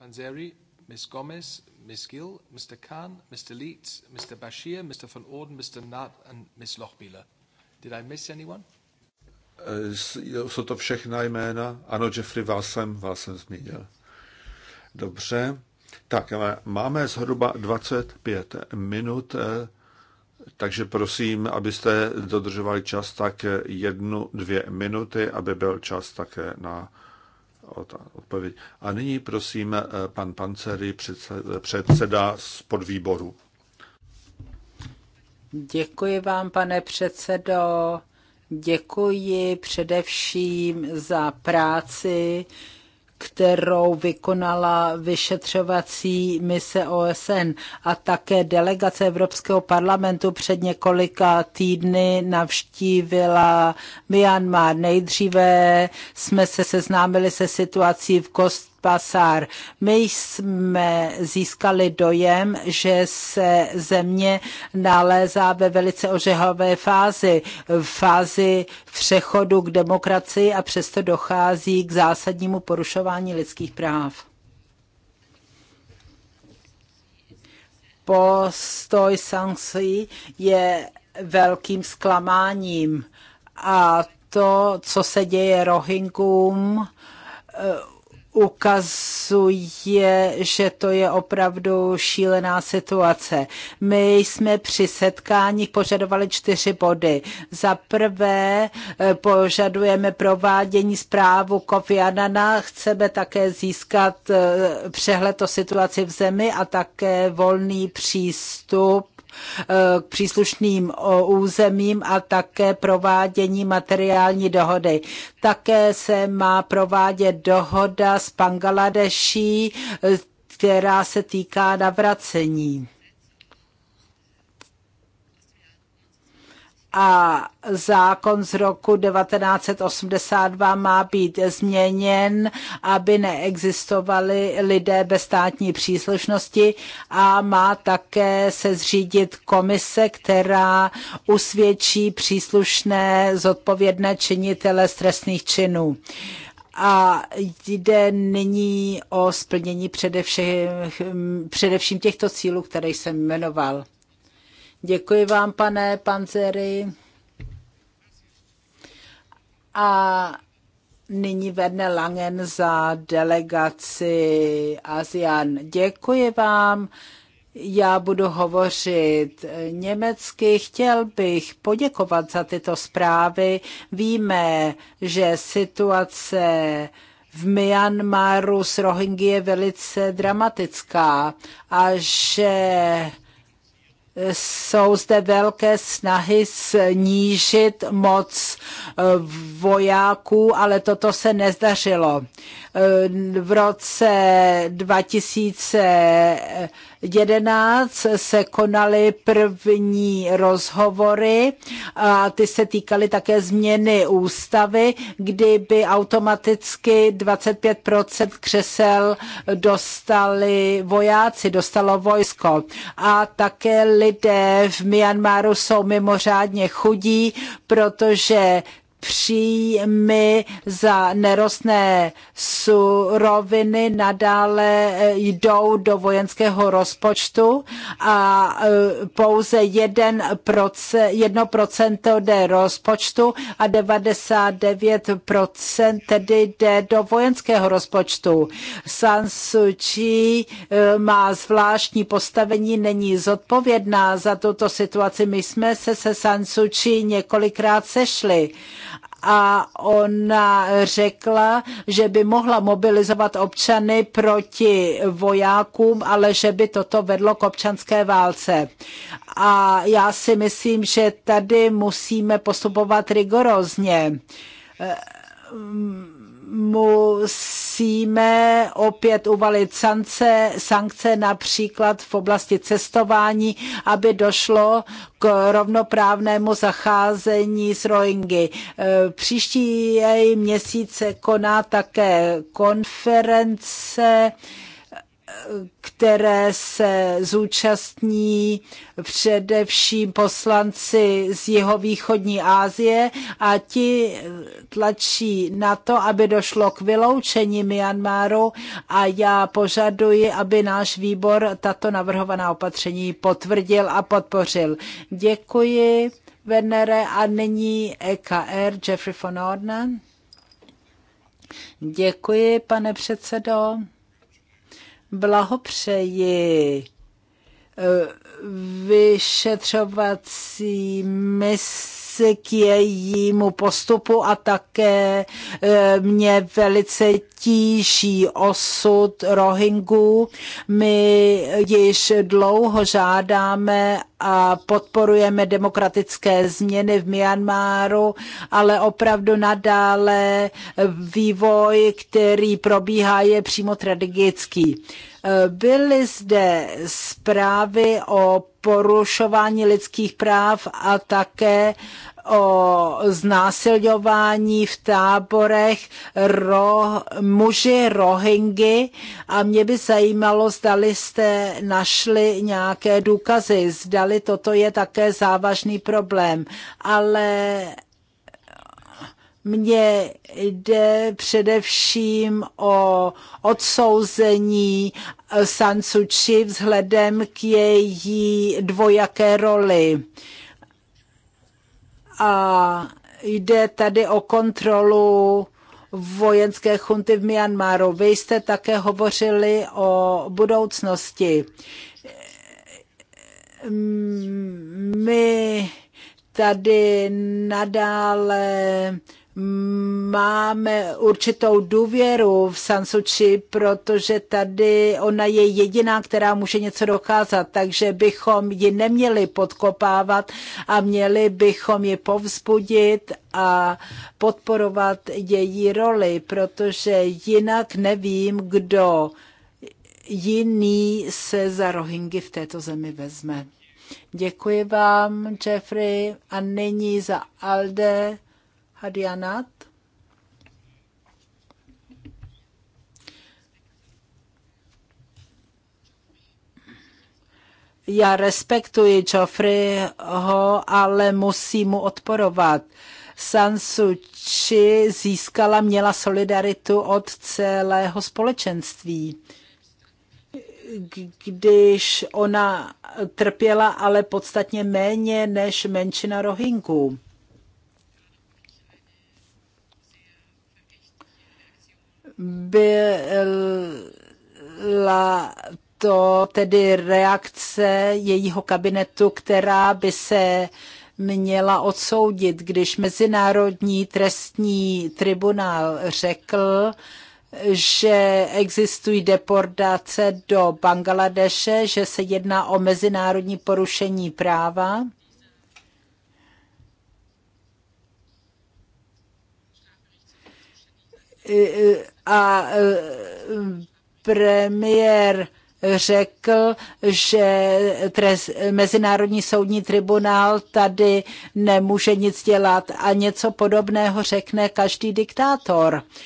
Panzeri, Ms. Gomez, Ms. Gill, Mr. Khan, Mr. Leitz, Mr. Bashir, Mr. van Orden, Mr. Nutt and Ms. Lochbieler. Did I miss anyone? Eh, jsou to všechna jména? Ano, Jeffrey, vás jsem, vás jsem zmínil. Dobře. Tak, ale máme zhruba 25 minut, eh, takže prosím, abyste dodržovali čas tak eh, jednu, dvě minuty, aby byl čas také na odpověď. A nyní prosím eh, pan Pancery, předseda z podvýboru. Děkuji vám, pane předsedo. Děkuji především za práci, kterou vykonala vyšetřovací mise OSN a také delegace Evropského parlamentu před několika týdny navštívila Myanmar. Nejdříve jsme se seznámili se situací v Kost Pasár. My jsme získali dojem, že se země nalézá ve velice ožehavé fázi, v fázi přechodu k demokracii a přesto dochází k zásadnímu porušování lidských práv. Postoj sankcí je velkým zklamáním a to, co se děje Rohingům, ukazuje, že to je opravdu šílená situace. My jsme při setkání požadovali čtyři body. Za prvé eh, požadujeme provádění zprávu Kofi Anana, chceme také získat eh, přehled o situaci v zemi a také volný přístup Eh, k příslušným územím a také provádění materiální dohody. Také se má provádět dohoda s Bangladeší, eh, která se týká navracení. a zákon z roku 1982 má být změněn, aby neexistovali lidé bez státní příslušnosti a má také se zřídit komise, která usvědčí příslušné zodpovědné činitele stresných činů. A jde nyní o splnění především, především těchto cílů, které jsem jmenoval. Děkuji vám, pane Panzeri. A nyní Verne Langen za delegaci ASEAN. Děkuji vám. Já budu hovořit německy. Chtěl bych poděkovat za tyto zprávy. Víme, že situace v Myanmaru s Rohingy je velice dramatická a že jsou zde velké snahy snížit moc eh, vojáků, ale toto se nezdařilo. Eh, v roce 2000 11 se konaly první rozhovory a ty se týkaly také změny ústavy, kdyby automaticky 25% křesel dostali vojáci, dostalo vojsko. A také lidé v Myanmaru jsou mimořádně chudí, protože příjmy za nerostné suroviny nadále eh, jdou do vojenského rozpočtu a eh, pouze 1%, procento jde rozpočtu a 99% tedy jde do vojenského rozpočtu. San Suu Kyi eh, má zvláštní postavení, není zodpovědná za tuto situaci. My jsme se se San Suu Kyi několikrát sešli a ona řekla, že by mohla mobilizovat občany proti vojákům, ale že by toto vedlo k občanské válce. A já si myslím, že tady musíme postupovat rigorózně musíme opět uvalit sankce, sankce například v oblasti cestování, aby došlo k rovnoprávnému zacházení s Rohingy. E, příští se koná také konference, které se zúčastní především poslanci z jihovýchodní Asie a ti tlačí na to, aby došlo k vyloučení Myanmaru a já požaduji, aby náš výbor tato navrhovaná opatření potvrdil a podpořil. Děkuji, Venere, a nyní EKR Jeffrey von Ordnen. Děkuji, pane předsedo blahopřeji eh, vyšetřovací misi k jejímu postupu a také e, mě velice tíží osud Rohingů. My již dlouho žádáme a podporujeme demokratické změny v Myanmaru, ale opravdu nadále vývoj, který probíhá, je přímo tragický. E, byly zde zprávy o porušování lidských práv a také o znásilňování v táborech ro, muži Rohingy a mě by zajímalo, zdali jste našli nějaké důkazy, zdali toto je také závažný problém, ale mně jde především o odsouzení Sansuči vzhledem k její dvojaké roli a jde tady o kontrolu vojenské chunty v Myanmaru. Vy jste také hovořili o budoucnosti. My tady nadále máme určitou důvěru v Sansuči, protože tady ona je jediná, která může něco dokázat, takže bychom ji neměli podkopávat a měli bychom ji povzbudit a podporovat její roli, protože jinak nevím, kdo jiný se za Rohingy v této zemi vezme. Děkuji vám, Jeffrey, a nyní za Alde Hadianat. Já respektuji Joffreyho, ale musím mu odporovat. San Suu Kyi získala, měla solidaritu od celého společenství. Když ona trpěla, ale podstatně méně než menšina Rohingů. byla to tedy reakce jejího kabinetu, která by se měla odsoudit, když Mezinárodní trestní tribunál řekl, že existují deportace do Bangladeše, že se jedná o mezinárodní porušení práva a e, premiér řekl, že trest, Mezinárodní soudní tribunál tady nemůže nic dělat a něco podobného řekne každý diktátor. Uh,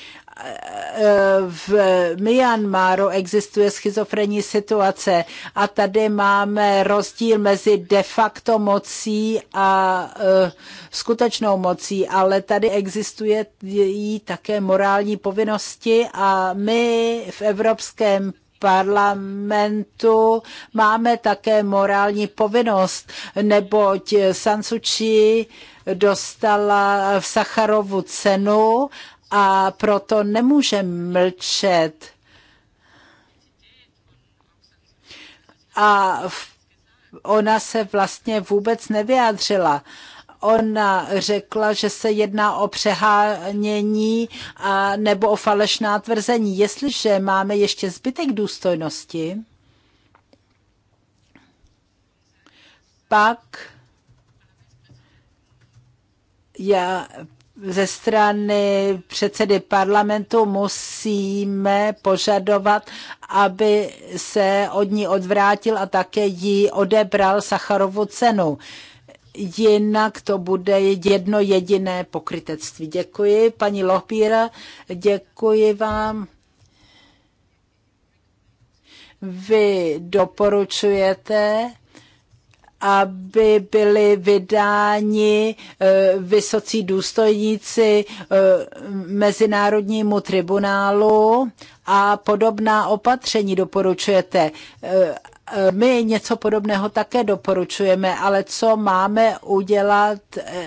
v Myanmaru existuje schizofrenní situace a tady máme rozdíl mezi de facto mocí a e, skutečnou mocí, ale tady existuje jí také morální povinnosti a my v Evropském parlamentu máme také morální povinnost, neboť Sansuči dostala v Sacharovu cenu a proto nemůže mlčet. A ona se vlastně vůbec nevyjádřila ona řekla, že se jedná o přehánění a, nebo o falešná tvrzení. Jestliže máme ještě zbytek důstojnosti, pak já ze strany předsedy parlamentu musíme požadovat, aby se od ní odvrátil a také jí odebral Sacharovu cenu. Jinak to bude jedno jediné pokrytectví. Děkuji, paní Lohbíra, děkuji vám. Vy doporučujete, aby byli vydáni eh, vysocí důstojníci eh, Mezinárodnímu tribunálu a podobná opatření doporučujete. Eh, my něco podobného také doporučujeme, ale co máme udělat,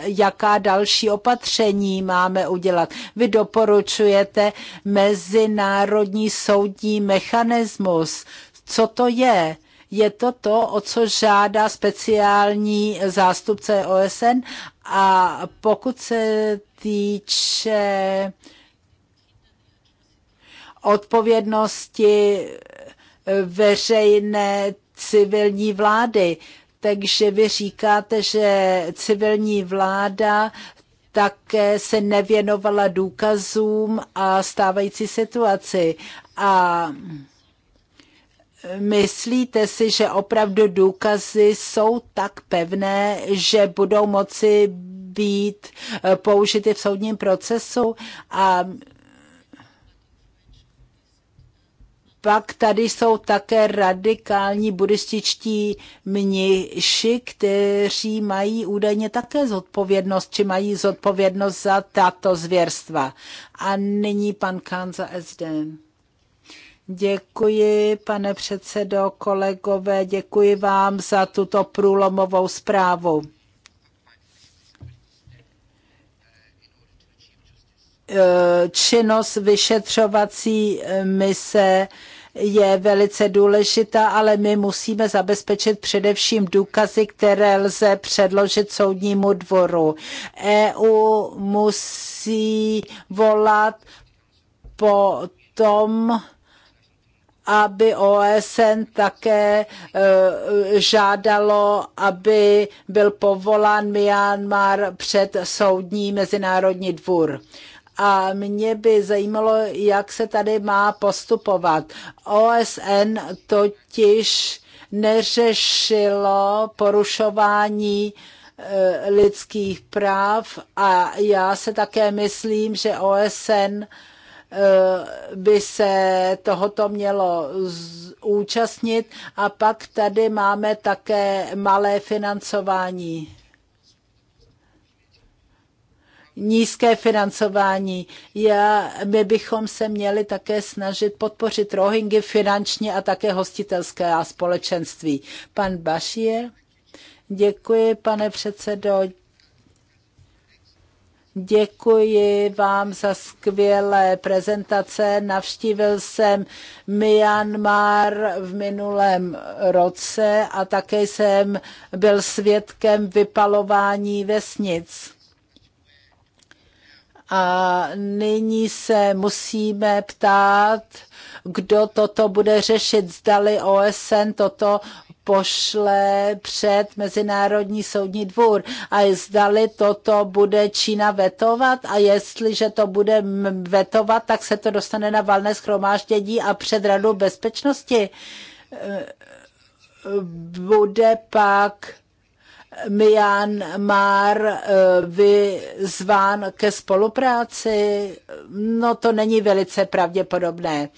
jaká další opatření máme udělat? Vy doporučujete mezinárodní soudní mechanismus. Co to je? Je to to, o co žádá speciální zástupce OSN a pokud se týče odpovědnosti eh, veřejné civilní vlády. Takže vy říkáte, že civilní vláda také se nevěnovala důkazům a stávající situaci. A Myslíte si, že opravdu důkazy jsou tak pevné, že budou moci být eh, použity v soudním procesu? A pak tady jsou také radikální buddhističtí mniši, kteří mají údajně také zodpovědnost, či mají zodpovědnost za tato zvěrstva. A nyní pan Kanza Esden. Děkuji, pane předsedo, kolegové, děkuji vám za tuto průlomovou zprávu. E, činnost vyšetřovací mise je velice důležitá, ale my musíme zabezpečit především důkazy, které lze předložit soudnímu dvoru. EU musí volat po tom, aby OSN také eh, žádalo, aby byl povolán Myanmar před soudní mezinárodní dvůr a mě by zajímalo, jak se tady má postupovat. OSN totiž neřešilo porušování eh, lidských práv a já se také myslím, že OSN Eh, by se tohoto mělo účastnit. A pak tady máme také malé financování. Nízké financování. Já, my bychom se měli také snažit podpořit Rohingy finančně a také hostitelské a společenství. Pan Bašie. Děkuji, pane předsedo. Děkuji vám za skvělé prezentace. Navštívil jsem Myanmar v minulém roce a také jsem byl svědkem vypalování vesnic. A nyní se musíme ptát, kdo toto bude řešit. Zdali OSN toto pošle před Mezinárodní soudní dvůr a zdali toto bude Čína vetovat a jestliže to bude vetovat, tak se to dostane na valné schromáždění a před Radu bezpečnosti e, bude pak Myanmar e, vyzván ke spolupráci? No to není velice pravděpodobné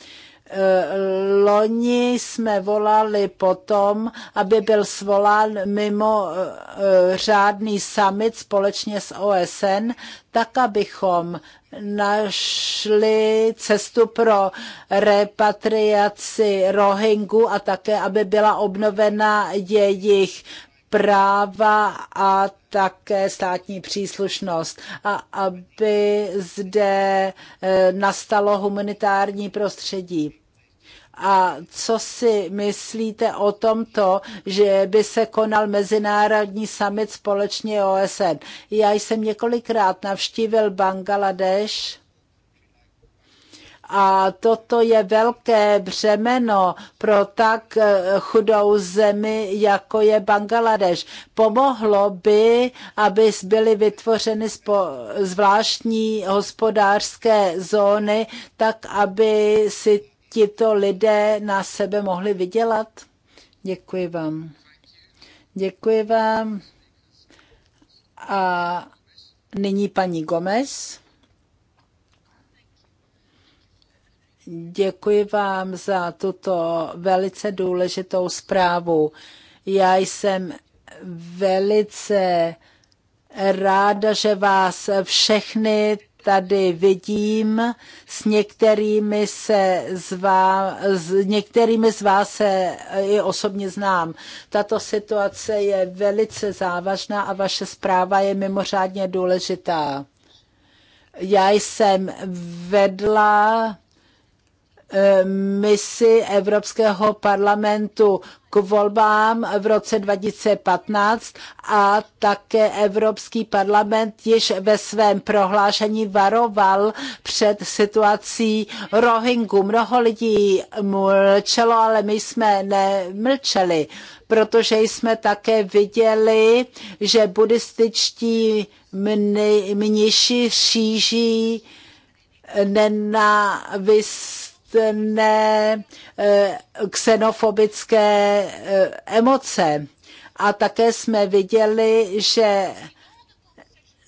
loni jsme volali potom, aby byl svolán mimo eh, řádný summit společně s OSN, tak abychom našli cestu pro repatriaci Rohingu a také, aby byla obnovena jejich práva a také státní příslušnost a aby zde eh, nastalo humanitární prostředí. A co si myslíte o tomto, že by se konal mezinárodní summit společně OSN? Já jsem několikrát navštívil Bangladeš a toto je velké břemeno pro tak eh, chudou zemi, jako je Bangladeš. Pomohlo by, aby byly vytvořeny zvláštní hospodářské zóny, tak aby si tito lidé na sebe mohli vydělat? Děkuji vám. Děkuji vám. A nyní paní Gomez. Děkuji vám za tuto velice důležitou zprávu. Já jsem velice ráda, že vás všechny tady vidím. S některými, se z vás, s některými z vás se i osobně znám. Tato situace je velice závažná a vaše zpráva je mimořádně důležitá. Já jsem vedla Eh, misi Evropského parlamentu k volbám v roce 2015 a také Evropský parlament již ve svém prohlášení varoval před situací Rohingu. Mnoho lidí mlčelo, ale my jsme nemlčeli, protože jsme také viděli, že buddhističtí mniši šíží nenávist špatné xenofobické eh, eh, emoce. A také jsme viděli, že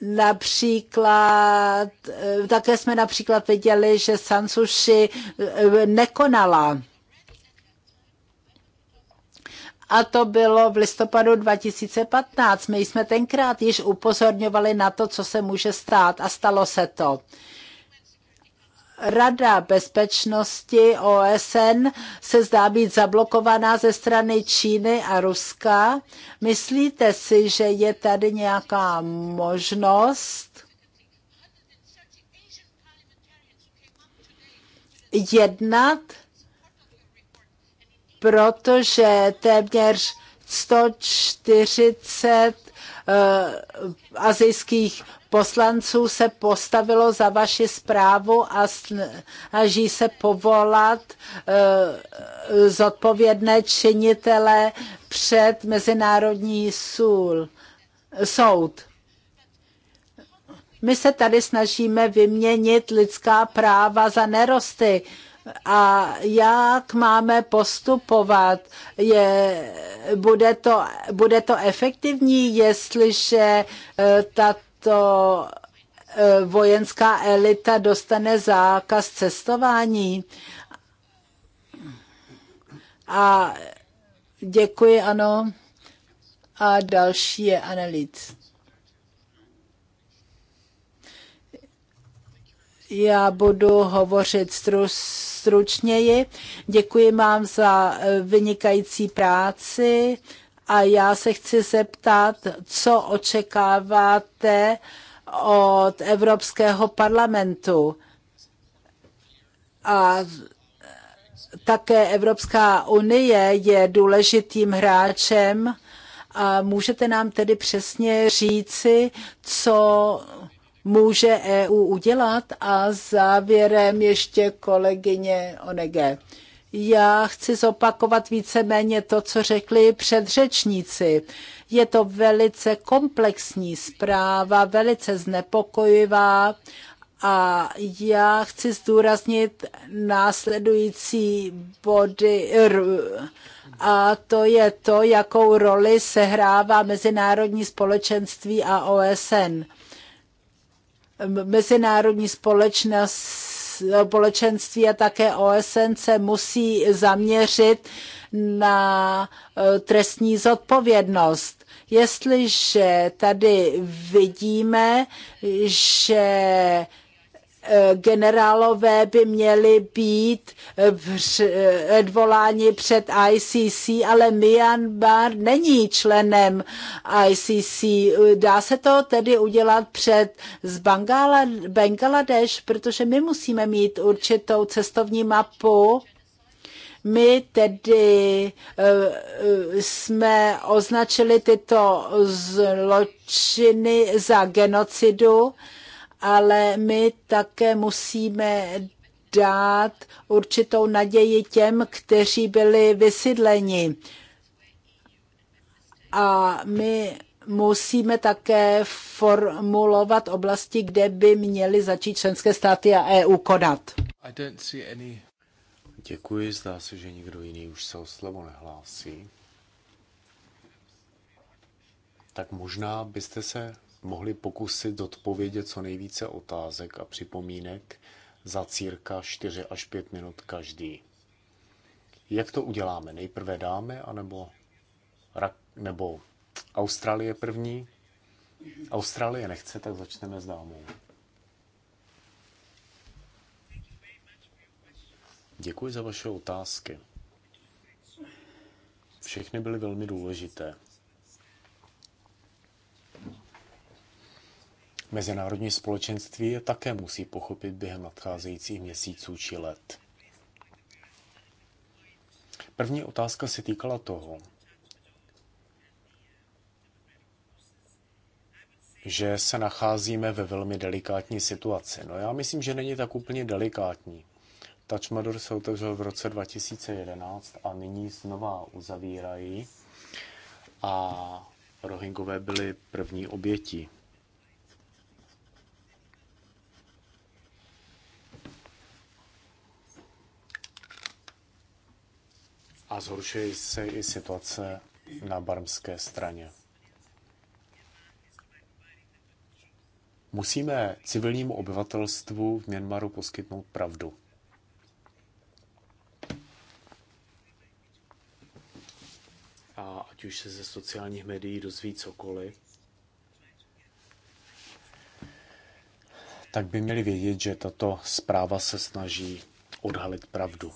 například, eh, také jsme například viděli, že Sansuši nekonala. A to bylo v listopadu 2015. My jsme tenkrát již upozorňovali na to, co se může stát a stalo se to. Rada bezpečnosti OSN se zdá být zablokovaná ze strany Číny a Ruska. Myslíte si, že je tady nějaká možnost jednat, protože téměř 140 eh, azijských poslanců se postavilo za vaši zprávu a snaží se povolat eh, zodpovědné činitele před Mezinárodní sůl, soud. My se tady snažíme vyměnit lidská práva za nerosty a jak máme postupovat. Je, bude, to, bude to efektivní, jestliže eh, tato to e, vojenská elita dostane zákaz cestování. A děkuji, ano. A další je Annelies. Já budu hovořit stru, stručněji. Děkuji vám za e, vynikající práci a já se chci zeptat, co očekáváte od Evropského parlamentu. A také Evropská unie je důležitým hráčem. A můžete nám tedy přesně říci, co může EU udělat? A závěrem ještě kolegyně Onege. Já chci zopakovat víceméně to, co řekli předřečníci. Je to velice komplexní zpráva, velice znepokojivá a já chci zdůraznit následující body. A to je to, jakou roli sehrává mezinárodní společenství a OSN. Mezinárodní společnost společenství a také OSN se musí zaměřit na e, trestní zodpovědnost. Jestliže tady vidíme, že Eh, generálové by měli být eh, eh, odvoláni před ICC, ale Myanmar není členem ICC. Dá se to tedy udělat před z Bangala, Bangladeš, protože my musíme mít určitou cestovní mapu my tedy jsme označili tyto zločiny za genocidu ale my také musíme dát určitou naději těm, kteří byli vysídleni. A my musíme také formulovat oblasti, kde by měly začít členské státy a EU konat. Any... Děkuji, zdá se, že nikdo jiný už se o slovo nehlásí. Tak možná byste se mohli pokusit odpovědět co nejvíce otázek a připomínek za círka 4 až 5 minut každý. Jak to uděláme? Nejprve dáme, anebo nebo Austrálie první? Austrálie nechce, tak začneme s dámou. Děkuji za vaše otázky. Všechny byly velmi důležité. Mezinárodní společenství je také musí pochopit během nadcházejících měsíců či let. První otázka se týkala toho, že se nacházíme ve velmi delikátní situaci. No já myslím, že není tak úplně delikátní. Tačmador se otevřel v roce 2011 a nyní znova uzavírají a Rohingové byli první oběti a zhoršuje se i situace na barmské straně. Musíme civilnímu obyvatelstvu v Myanmaru poskytnout pravdu. A ať už se ze sociálních médií dozví cokoliv, tak by měli vědět, že tato zpráva se snaží odhalit pravdu.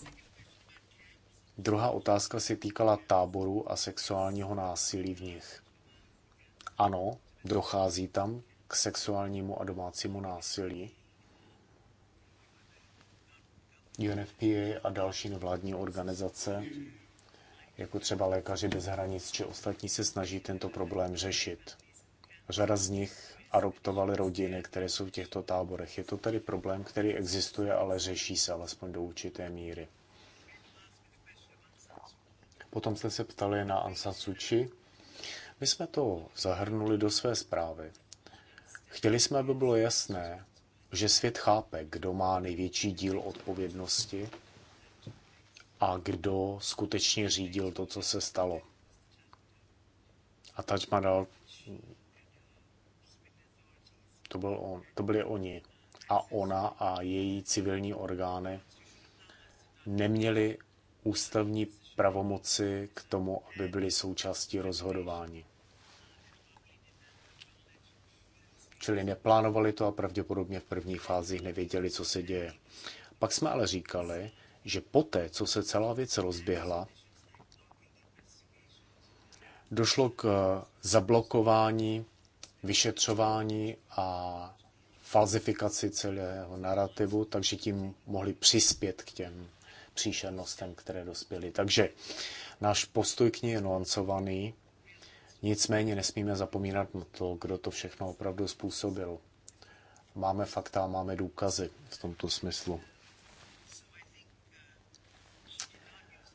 Druhá otázka se týkala táborů a sexuálního násilí v nich. Ano, dochází tam k sexuálnímu a domácímu násilí. UNFPA a další nevládní organizace, jako třeba Lékaři bez hranic či ostatní, se snaží tento problém řešit. Řada z nich adoptovali rodiny, které jsou v těchto táborech. Je to tedy problém, který existuje, ale řeší se alespoň do určité míry. Potom jste se ptali na Ansan Suči. My jsme to zahrnuli do své zprávy. Chtěli jsme, aby bylo jasné, že svět chápe, kdo má největší díl odpovědnosti a kdo skutečně řídil to, co se stalo. A Taj Mahal, to, byl on, to byli oni. A ona a její civilní orgány neměli ústavní pravomoci k tomu, aby byli součástí rozhodování. Čili neplánovali to a pravděpodobně v prvních fázích nevěděli, co se děje. Pak jsme ale říkali, že poté, co se celá věc rozběhla, došlo k zablokování, vyšetřování a falzifikaci celého narrativu, takže tím mohli přispět k těm příšernostem, které dospěly. Takže náš postoj k ní je nuancovaný, nicméně nesmíme zapomínat na to, kdo to všechno opravdu způsobil. Máme fakta, máme důkazy v tomto smyslu.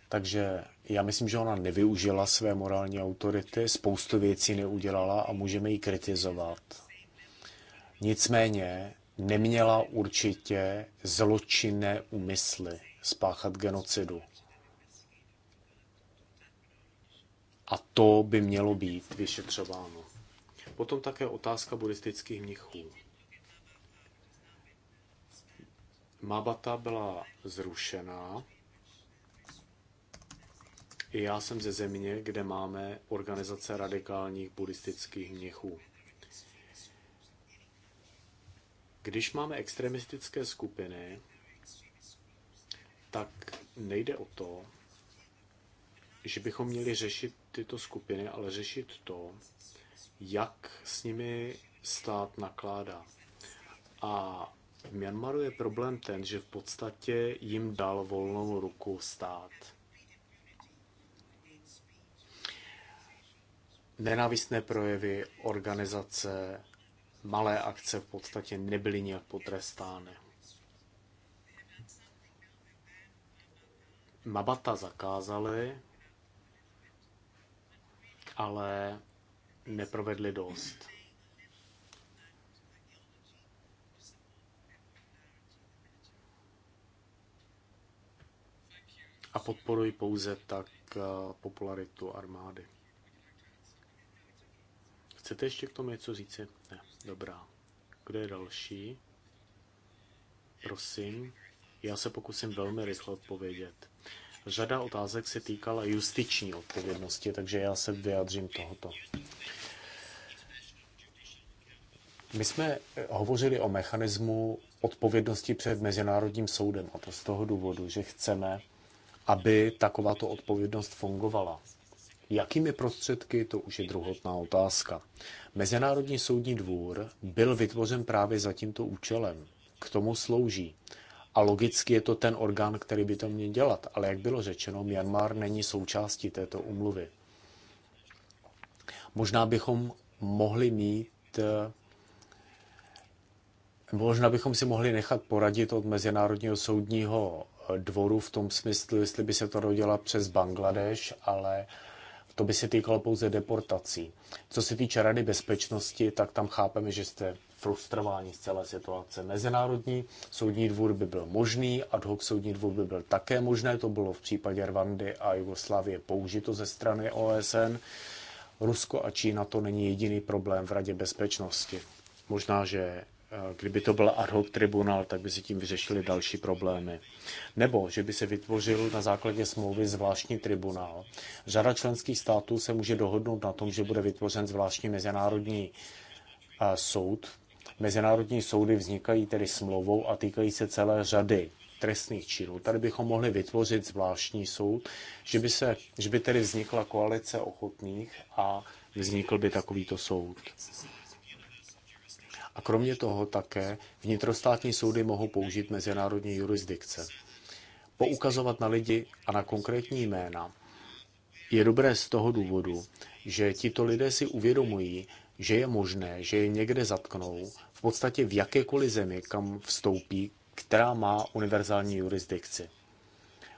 Takže já myslím, že ona nevyužila své morální autority, spoustu věcí neudělala a můžeme ji kritizovat. Nicméně neměla určitě zločinné úmysly spáchat genocidu. A to by mělo být vyšetřováno. Potom také otázka buddhistických mnichů. Mabata byla zrušená. I já jsem ze země, kde máme organizace radikálních buddhistických mnichů. Když máme extremistické skupiny, tak nejde o to, že bychom měli řešit tyto skupiny, ale řešit to, jak s nimi stát nakládá. A v Myanmaru je problém ten, že v podstatě jim dal volnou ruku stát. Nenávistné projevy, organizace, malé akce v podstatě nebyly nějak potrestány. Mabata zakázali, ale neprovedli dost. A podporují pouze tak eh, popularitu armády. Chcete ještě k tomu něco říci? Ne, dobrá. Kdo je další? Prosím. Já se pokusím velmi rychle odpovědět. Řada otázek se týkala justiční odpovědnosti, takže já se vyjádřím tohoto. My jsme hovořili o mechanismu odpovědnosti před Mezinárodním soudem a to z toho důvodu, že chceme, aby takováto odpovědnost fungovala. Jakými prostředky, to už je druhotná otázka. Mezinárodní soudní dvůr byl vytvořen právě za tímto účelem. K tomu slouží. A logicky je to ten orgán, který by to měl dělat. Ale jak bylo řečeno, Myanmar není součástí této umluvy. Možná bychom mohli mít eh, Možná bychom si mohli nechat poradit od Mezinárodního soudního eh, dvoru v tom smyslu, jestli by se to rodila přes Bangladeš, ale to by se týkalo pouze deportací. Co se týče Rady bezpečnosti, tak tam chápeme, že jste frustrování, z celé situace. Mezinárodní soudní dvůr by byl možný, ad hoc soudní dvůr by byl také možné, to bylo v případě Rwandy a Jugoslávie použito ze strany OSN. Rusko a Čína to není jediný problém v Radě bezpečnosti. Možná, že eh, kdyby to byl ad hoc tribunál, tak by se tím vyřešili další problémy. Nebo že by se vytvořil na základě smlouvy zvláštní tribunál. Řada členských států se může dohodnout na tom, že bude vytvořen zvláštní mezinárodní eh, soud Mezinárodní soudy vznikají tedy smlouvou a týkají se celé řady trestných činů. Tady bychom mohli vytvořit zvláštní soud, že by, se, že by tedy vznikla koalice ochotných a vznikl by takovýto soud. A kromě toho také vnitrostátní soudy mohou použít mezinárodní jurisdikce. Poukazovat na lidi a na konkrétní jména je dobré z toho důvodu, že tito lidé si uvědomují, že je možné, že je někde zatknou v podstatě v jakékoliv zemi, kam vstoupí, která má univerzální jurisdikci.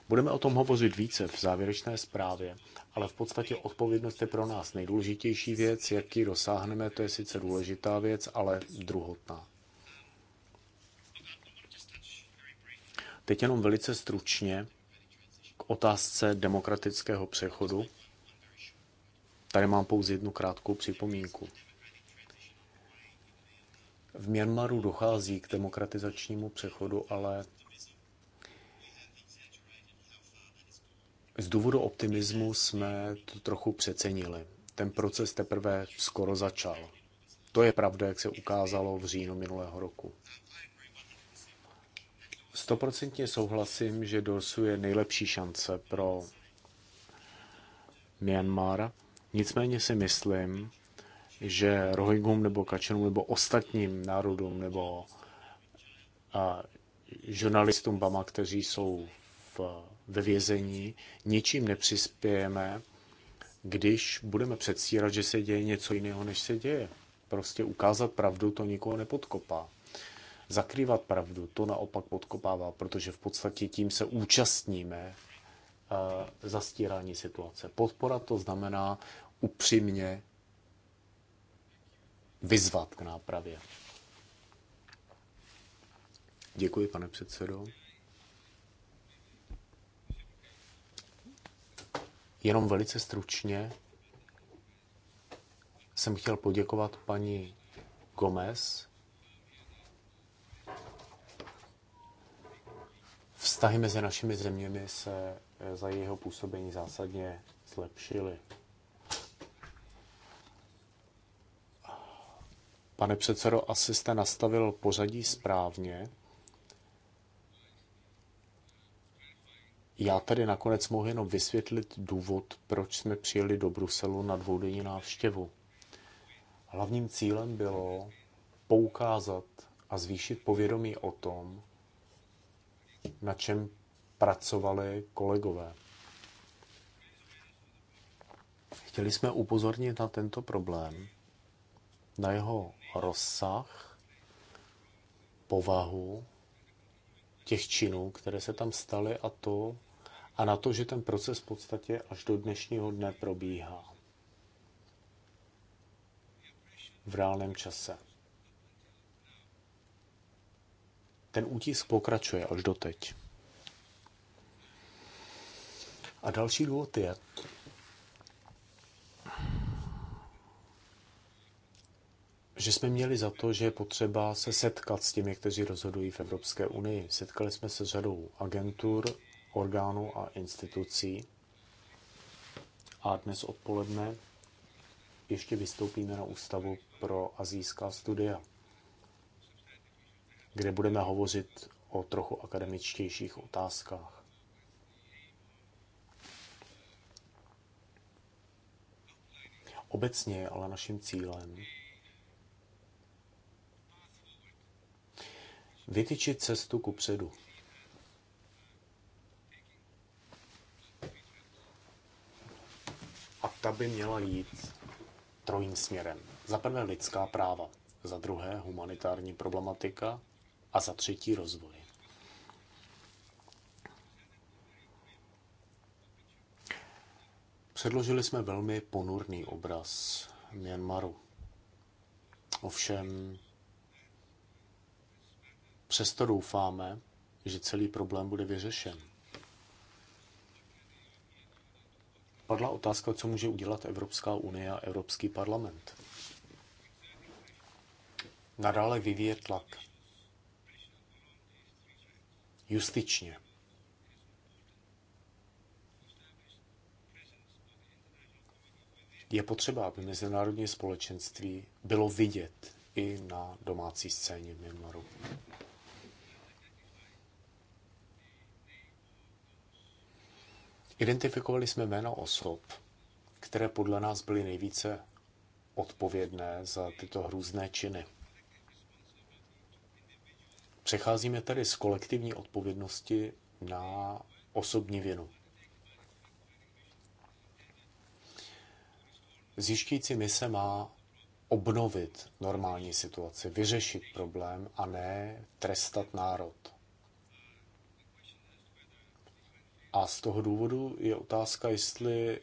Budeme o tom hovořit více v závěrečné zprávě, ale v podstatě odpovědnost je pro nás nejdůležitější věc, jaký dosáhneme, to je sice důležitá věc, ale druhotná. Teď jenom velice stručně k otázce demokratického přechodu. Tady mám pouze jednu krátkou připomínku. V Myanmaru dochází k demokratizačnímu přechodu, ale z důvodu optimismu jsme to trochu přecenili. Ten proces teprve skoro začal. To je pravda, jak se ukázalo v říjnu minulého roku. Stoprocentně souhlasím, že DORSu je nejlepší šance pro Myanmar. Nicméně si myslím, že Rohingům nebo Kačenům nebo ostatním národům nebo a, žurnalistům Bama, kteří jsou v, ve vězení, ničím nepřispějeme, když budeme předstírat, že se děje něco jiného, než se děje. Prostě ukázat pravdu to nikoho nepodkopá. Zakrývat pravdu to naopak podkopává, protože v podstatě tím se účastníme zastírání situace. Podpora to znamená upřímně vyzvat k nápravě. Děkuji, pane předsedo. Jenom velice stručně jsem chtěl poděkovat paní Gomez. Vztahy mezi našimi zeměmi se eh, za jeho působení zásadně zlepšily. Pane předsedo, asi jste nastavil pořadí správně. Já tady nakonec mohu jenom vysvětlit důvod, proč jsme přijeli do Bruselu na dvoudenní návštěvu. Hlavním cílem bylo poukázat a zvýšit povědomí o tom, na čem pracovali kolegové. Chtěli jsme upozornit na tento problém na jeho rozsah, povahu těch činů, které se tam staly a to, a na to, že ten proces v podstatě až do dnešního dne probíhá v reálném čase. Ten útisk pokračuje až doteď. A další důvod je, že jsme měli za to, že je potřeba se setkat s těmi, kteří rozhodují v Evropské unii. Setkali jsme se s řadou agentur, orgánů a institucí. A dnes odpoledne ještě vystoupíme na Ústavu pro azijská studia, kde budeme hovořit o trochu akademičtějších otázkách. Obecně je ale naším cílem vytyčit cestu ku předu. A ta by měla jít trojím směrem. Za prvé lidská práva, za druhé humanitární problematika a za třetí rozvoj. Předložili jsme velmi ponurný obraz Myanmaru. Ovšem, Přesto doufáme, že celý problém bude vyřešen. Padla otázka, co může udělat Evropská unie a Evropský parlament. Nadále vyvíje tlak. Justičně. Je potřeba, aby mezinárodní společenství bylo vidět i na domácí scéně v Myanmaru. Identifikovali jsme jméno osob, které podle nás byly nejvíce odpovědné za tyto hrůzné činy. Přecházíme tedy z kolektivní odpovědnosti na osobní vinu. Zjišťující mise má obnovit normální situaci, vyřešit problém a ne trestat národ. A z toho důvodu je otázka, jestli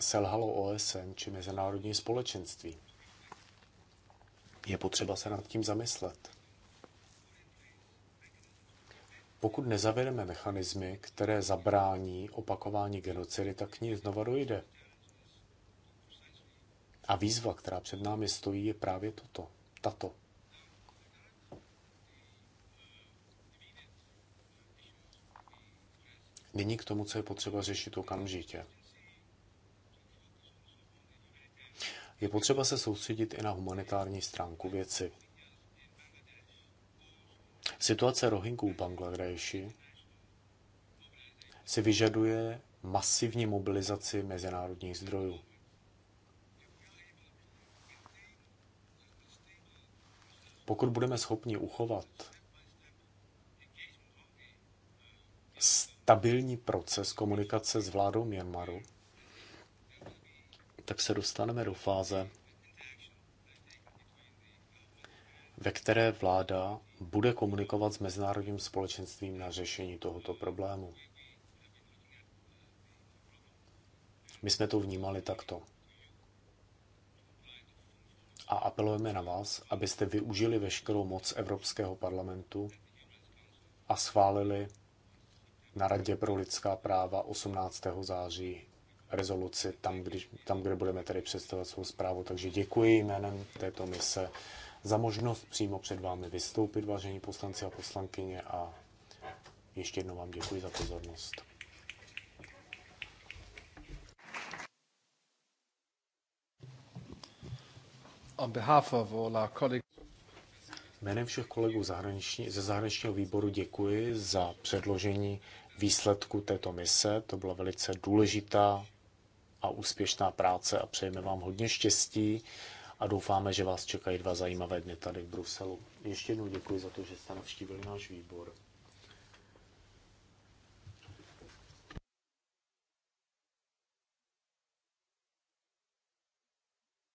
selhalo OSN či mezinárodní společenství. Je potřeba se nad tím zamyslet. Pokud nezavedeme mechanismy, které zabrání opakování genocidy, tak k ní znova dojde. A výzva, která před námi stojí, je právě toto, tato. Nyní k tomu, co je potřeba řešit okamžitě. Je potřeba se soustředit i na humanitární stránku věci. Situace rohinků v Bangladeši si vyžaduje masivní mobilizaci mezinárodních zdrojů. Pokud budeme schopni uchovat stabilní proces komunikace s vládou Myanmaru, tak se dostaneme do fáze, ve které vláda bude komunikovat s mezinárodním společenstvím na řešení tohoto problému. My jsme to vnímali takto. A apelujeme na vás, abyste využili veškerou moc Evropského parlamentu a schválili na Radě pro lidská práva 18. září rezoluci tam, když, tam kde budeme tedy představovat svou zprávu. Takže děkuji jménem této mise za možnost přímo před vámi vystoupit, vážení poslanci a poslankyně, a ještě jednou vám děkuji za pozornost. On behalf of all our colleagues, Jménem všech kolegů zahraniční, ze zahraničního výboru děkuji za předložení výsledku této mise. To byla velice důležitá a úspěšná práce a přejeme vám hodně štěstí a doufáme, že vás čekají dva zajímavé dny tady v Bruselu. Ještě jednou děkuji za to, že jste navštívili náš výbor.